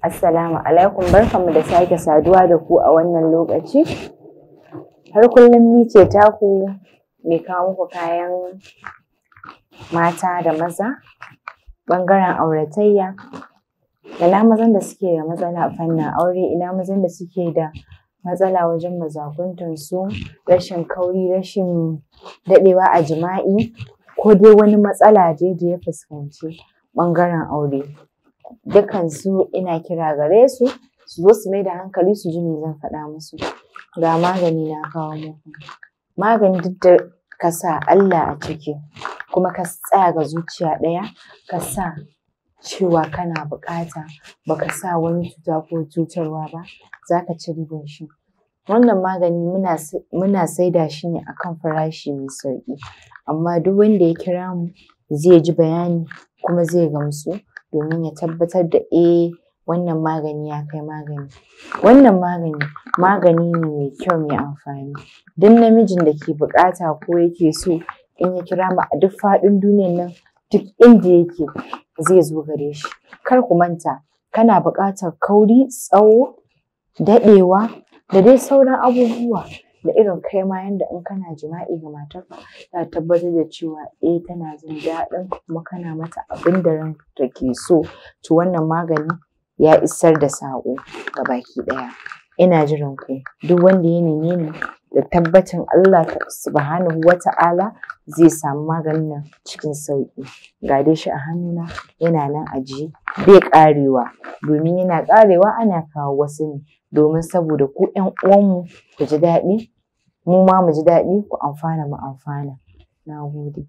Assalamu alaikum barkanmu da sake saduwa da ku a wannan lokaci. Har kullum ni ce taku mai kawo muku kayan mata da maza ɓangaren auratayya. Ina mazan da suke da matsala a fannin aure, ina mazan da suke da matsala wajen mazakuntansu, rashin kauri, rashin daɗewa a jima'i ko dai wani matsala je da ya fuskanci ɓangaren aure. dukansu ina kira gare su su zo su mai da hankali su ji me zan faɗa musu ga magani na kawo muku magani duk da ka sa Allah a ciki kuma ka tsaya ga zuciya ɗaya ka sa cewa kana buƙata ka sa wani cuta ko cutarwa ba za ka ci riban shi wannan magani muna saida shi ne akan farashi mai sauƙi amma duk wanda ya kira mu zai ji bayani kuma zai gamsu domin ya tabbatar da eh wannan magani ya kai magani. Wannan magani magani ne mai kyau mai amfani. Duk namijin da ke bukata ko yake so in ya kira mu a duk faɗin duniyan nan duk inda yake zai zo gare shi. Kar ku manta kana bukatar kauri, tsawo, daɗewa da dai sauran abubuwa. da irin kai ma yanda in kana jima'i ga matarka ta tabbatar da cewa eh tana jin daɗin kuma kana mata abin da ranta ke so to wannan magani ya isar da saƙo ga baki ɗaya ina jiran ku duk wanda ya neme ni da tabbacin Allah subhanahu wa ta'ala zai samu maganin nan cikin sauƙi ga dai shi a hannuna yana nan ajiye bai ƙarewa domin yana ƙarewa ana kawo wasu ne domin saboda ku ƴan uwanmu ku ji daɗi mu ma mu ji daɗi ku amfana mu amfana. Na gode.